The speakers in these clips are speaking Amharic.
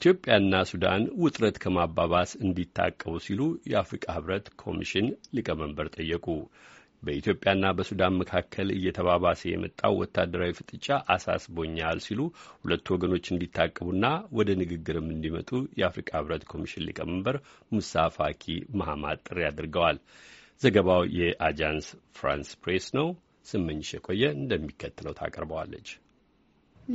ኢትዮጵያና ሱዳን ውጥረት ከማባባስ እንዲታቀቡ ሲሉ የአፍሪካ ህብረት ኮሚሽን ሊቀመንበር ጠየቁ። በኢትዮጵያና በሱዳን መካከል እየተባባሰ የመጣው ወታደራዊ ፍጥጫ አሳስቦኛል ሲሉ ሁለቱ ወገኖች እንዲታቀቡና ወደ ንግግርም እንዲመጡ የአፍሪካ ህብረት ኮሚሽን ሊቀመንበር ሙሳ ፋኪ መሐማት ጥሪ አድርገዋል። ዘገባው የአጃንስ ፍራንስ ፕሬስ ነው። ስመኝሽ የቆየ እንደሚከተለው ታቀርበዋለች።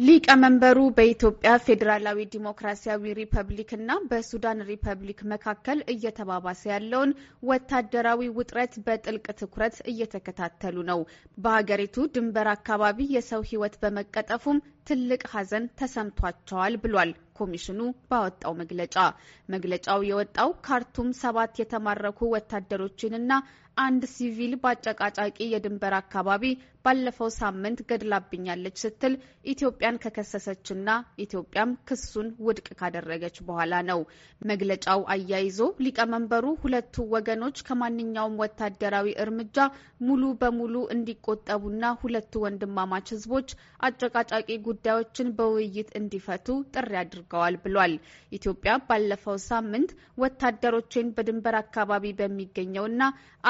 ሊቀመንበሩ በኢትዮጵያ ፌዴራላዊ ዲሞክራሲያዊ ሪፐብሊክ እና በሱዳን ሪፐብሊክ መካከል እየተባባሰ ያለውን ወታደራዊ ውጥረት በጥልቅ ትኩረት እየተከታተሉ ነው። በሀገሪቱ ድንበር አካባቢ የሰው ሕይወት በመቀጠፉም ትልቅ ሐዘን ተሰምቷቸዋል ብሏል ኮሚሽኑ ባወጣው መግለጫ። መግለጫው የወጣው ካርቱም ሰባት የተማረኩ ወታደሮችንና አንድ ሲቪል በአጨቃጫቂ የድንበር አካባቢ ባለፈው ሳምንት ገድላብኛለች ስትል ኢትዮጵያን ከከሰሰችና ኢትዮጵያም ክሱን ውድቅ ካደረገች በኋላ ነው። መግለጫው አያይዞ ሊቀመንበሩ ሁለቱ ወገኖች ከማንኛውም ወታደራዊ እርምጃ ሙሉ በሙሉ እንዲቆጠቡና ሁለቱ ወንድማማች ህዝቦች አጨቃጫቂ ጉ ጉዳዮችን በውይይት እንዲፈቱ ጥሪ አድርገዋል ብሏል። ኢትዮጵያ ባለፈው ሳምንት ወታደሮችን በድንበር አካባቢ በሚገኘውና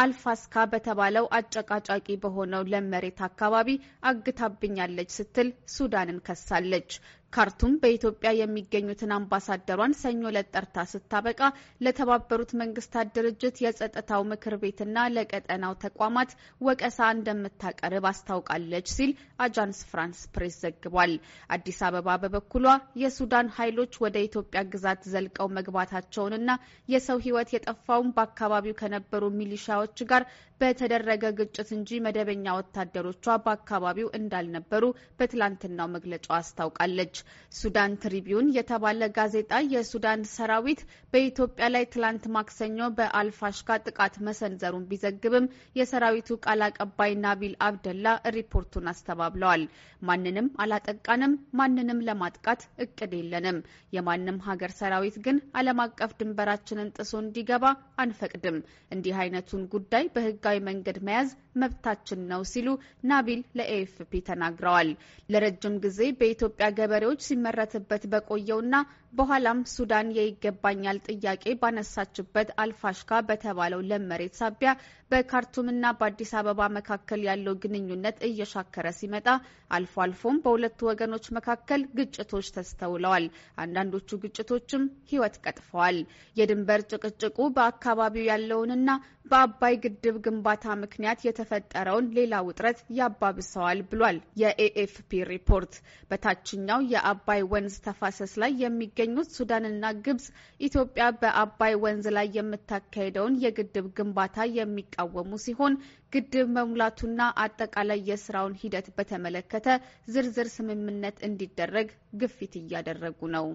አልፋስካ በተባለው አጨቃጫቂ በሆነው ለመሬት አካባቢ አግታብኛለች ስትል ሱዳንን ከሳለች። ካርቱም በኢትዮጵያ የሚገኙትን አምባሳደሯን ሰኞ ዕለት ጠርታ ስታበቃ ለተባበሩት መንግስታት ድርጅት የጸጥታው ምክር ቤትና ለቀጠናው ተቋማት ወቀሳ እንደምታቀርብ አስታውቃለች ሲል አጃንስ ፍራንስ ፕሬስ ዘግቧል። አዲስ አበባ በበኩሏ የሱዳን ኃይሎች ወደ ኢትዮጵያ ግዛት ዘልቀው መግባታቸውንና የሰው ሕይወት የጠፋውን በአካባቢው ከነበሩ ሚሊሻዎች ጋር በተደረገ ግጭት እንጂ መደበኛ ወታደሮቿ በአካባቢው እንዳልነበሩ በትላንትናው መግለጫው አስታውቃለች። ሱዳን ትሪቢዩን የተባለ ጋዜጣ የሱዳን ሰራዊት በኢትዮጵያ ላይ ትላንት ማክሰኞ በአልፋሽካ ጥቃት መሰንዘሩን ቢዘግብም የሰራዊቱ ቃል አቀባይ ናቢል አብደላ ሪፖርቱን አስተባብለዋል። ማንንም አላጠቃንም፣ ማንንም ለማጥቃት እቅድ የለንም። የማንም ሀገር ሰራዊት ግን ዓለም አቀፍ ድንበራችንን ጥሶ እንዲገባ አንፈቅድም። እንዲህ አይነቱን ጉዳይ በህግ በህጋዊ መንገድ መያዝ መብታችን ነው ሲሉ ናቢል ለኤኤፍፒ ተናግረዋል። ለረጅም ጊዜ በኢትዮጵያ ገበሬዎች ሲመረትበት በቆየውና በኋላም ሱዳን የይገባኛል ጥያቄ ባነሳችበት አልፋሽካ በተባለው ለም መሬት ሳቢያ በካርቱምና በአዲስ አበባ መካከል ያለው ግንኙነት እየሻከረ ሲመጣ አልፎ አልፎም በሁለቱ ወገኖች መካከል ግጭቶች ተስተውለዋል። አንዳንዶቹ ግጭቶችም ሕይወት ቀጥፈዋል። የድንበር ጭቅጭቁ በአካባቢው ያለውንና በአባይ ግድብ ግንባታ ምክንያት የተፈጠረውን ሌላ ውጥረት ያባብሰዋል ብሏል የኤኤፍፒ ሪፖርት። በታችኛው የአባይ ወንዝ ተፋሰስ ላይ የሚገ የሚገኙት ሱዳንና ግብጽ ኢትዮጵያ በአባይ ወንዝ ላይ የምታካሄደውን የግድብ ግንባታ የሚቃወሙ ሲሆን ግድብ መሙላቱና አጠቃላይ የስራውን ሂደት በተመለከተ ዝርዝር ስምምነት እንዲደረግ ግፊት እያደረጉ ነው።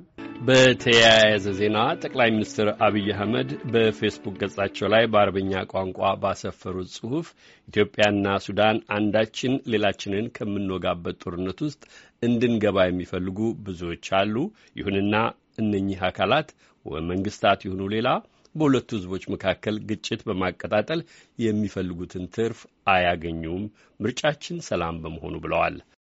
በተያያዘ ዜና ጠቅላይ ሚኒስትር አብይ አህመድ በፌስቡክ ገጻቸው ላይ በአረብኛ ቋንቋ ባሰፈሩት ጽሑፍ ኢትዮጵያና ሱዳን አንዳችን ሌላችንን ከምንወጋበት ጦርነት ውስጥ እንድንገባ የሚፈልጉ ብዙዎች አሉ። ይሁንና እነኚህ አካላት መንግስታት ይሁኑ ሌላ በሁለቱ ህዝቦች መካከል ግጭት በማቀጣጠል የሚፈልጉትን ትርፍ አያገኙም። ምርጫችን ሰላም በመሆኑ ብለዋል።